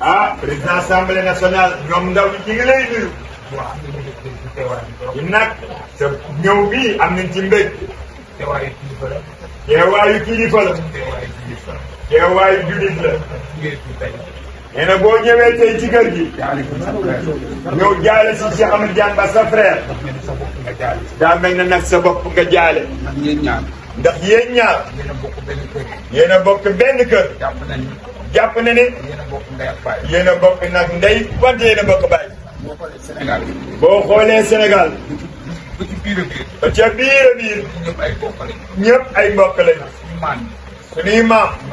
a ah, président assemblée nationale ñoom ndaw ñi ñu ngi lay nuyu. waaw. nag te ñëw bii am nañ ci mbéy. teewaayu kilifa la. teewaayu kilifa la. teewaayu nee na boo ñëwee tey ci kër gi. ñëw jaale si Cheikh Amadou Diagne ba sa frère. daa mel na nag sa bopp nga jaale. ndax yéen ñaar. yéen a bokk benn kër. yéen a bokk jàpp na ne. yéen a bokk a bokk nag ndey wante yéen a bokk baay. boo xoolee Sénégal. boo xoolee ba ci a biir. a biir. ñëpp ay mbokk lañ. ñëpp ay mbokk ñoo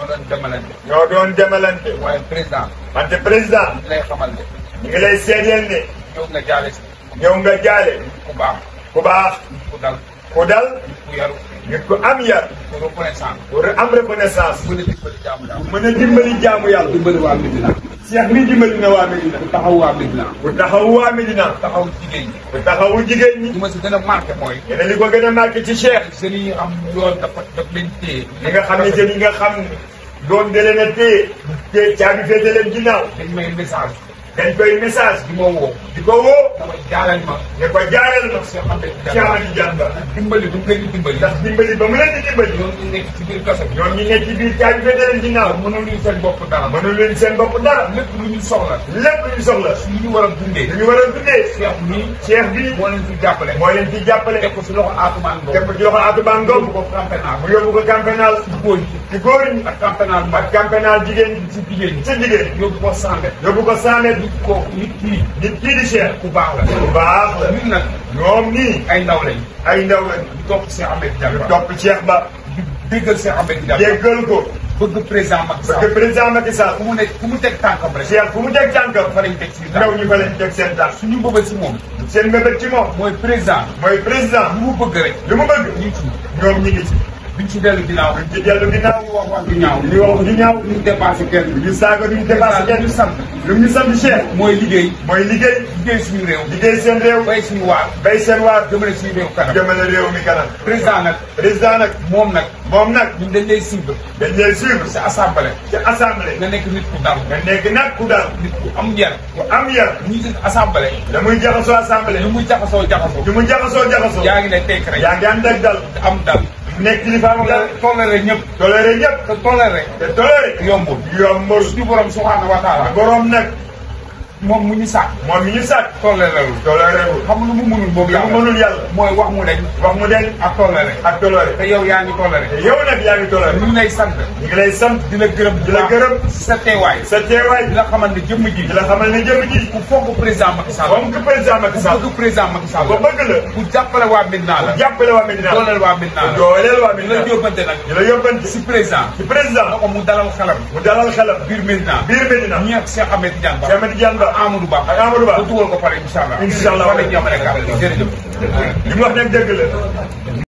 doon demalante. ñoo doon demalante. waaye président. wante président. ñu ngi lay xamal ne. ñu nga jaale ku baax. ko dal. ku yaru nit ku am yar. ku reconnaissance. ku am reconnaissance. ku mën a dimbali jaamu a dimbali jaamu yàlla. dimbali waa Medina. Cheikh mi dimbali na waa Medina. ku taxaw waa Medina. ku taxaw waa jigéen ñi. ku taxaw jigéen ñi. a marqué mooy. yéen ko gën a marqué ci Cheikh. seen yi am yoon dafa daf leen nga xam ne jën yi nga xam. doon da leen a téye. téye caabi féete leen ginnaaw. dañ dañ koy message di ma woo. di ko woo. dama jaaral ma. ne ko jaaral ma. Cheikh Ahmed Tidiane Diatta. dimbali bu mu leen di dimbali. ndax dimbali ba mu leen di dimbali. ñoom ñu nekk ci biir kaso bi. ñoom ñu nekk ci biir caa bi féete leen ginnaaw. mënul leen seen bopp dara. mënul leen seen bopp dara. lépp lu ñu soxla. lépp lu ñu soxla. su ñu war a dundee. dañu war a dundee. Cheikh bi Cheikh bi. moo leen fi jàppale. moo leen fi jàppale. teg ko ci loxo Atoumane Ngom. teg ko ci loxo Atoumane Ngom. yóbbu ko Campenal. mu yóbbu ko Campenal. ci góor ñi. ci góor ñi. ak Campenal ak Campenal jigéen ñi. ci jigéen ñi. ci jigéen ñi. yóbbu ko 100 mètres. yóbbu ko 100 mètres nit ko nit kii. nit kii di Cheikh ku baax la. ku baax la ñun nag. ñoom nii ay ndaw lañ. ay ndaw lañ di topp Cheikh Ahmed Diagne. di topp Cheikh Ba. di déggal Cheikh Ahmed Diagne. déggal ko. bëgg président Macky Sall bëgg président Macky Sall. fu mu nekk fu mu teg tànkam rek. Cheikh fu mu teg tànkam. fa lañ teg suñu tànk ndaw ñi fa lañ teg seen tànk. suñu mbëbët ci moom. seen mbëbët ci moom. mooy président. mooy président. lu mu bëgg rek. lu mu bëgg. ñu ngi ci ñoom ñu ngi ci. duñ ci dellu ñu wax wax du ñaaw. ñu wax du ñaaw. duñ dépassé kenn. ñu saaga duñ dépassé kenn. ñu sant. mooy liggéey. mooy liggéey. liggéey suñu réew. liggéey seen réew. bay suñu waar. bay seen waar. jëmale suñu réew kanam. jëmale réew mi kanam. président nag. président nag. moom nag. moom nag. ñun dañ lay suivre. dañ lay suivre. ci assemblée. ci assemblée. nga nekk nit ku dal. nga nekk nag ku dal. nit ku am yar. ku am yar. ñu ngi ci assemblée. da muy jaxasoo assemblée. ñu muy jaxasoo jaxasoo. ñu ngi ne tekk rek. nekk kilifa moom la toléré ñëpp. toléré ñëpp te toléré. te toléré yombul. yombul suñu borom subhaanahu wa taala borom nekk. moom mu ñu sàkk moom mi ñu sàkk tolleelewul tolleelewul xam lu mu mënul boobu yàlla lu mu mënul yàlla mooy wax mu deñ wax mu deñ ak tollere ak tollere te yow yaa ngi tollere te yow nag yaa ngi tollere ñu ngi lay sant sa teewaay sa teewaay di la xamal ne ku fonk président Macky Sall fonk président Macky Sall ku bëgg président Macky Sall ba bëgg la ku mu dalal xelam mu dalal xelam biir Médina biir Médina ñi ak Cheikh Ahmed Diane Ba Amadou Ba. ak Amadou Ba ba dugal ko pare incha allah. incha allah li mu wax nag dëgg la.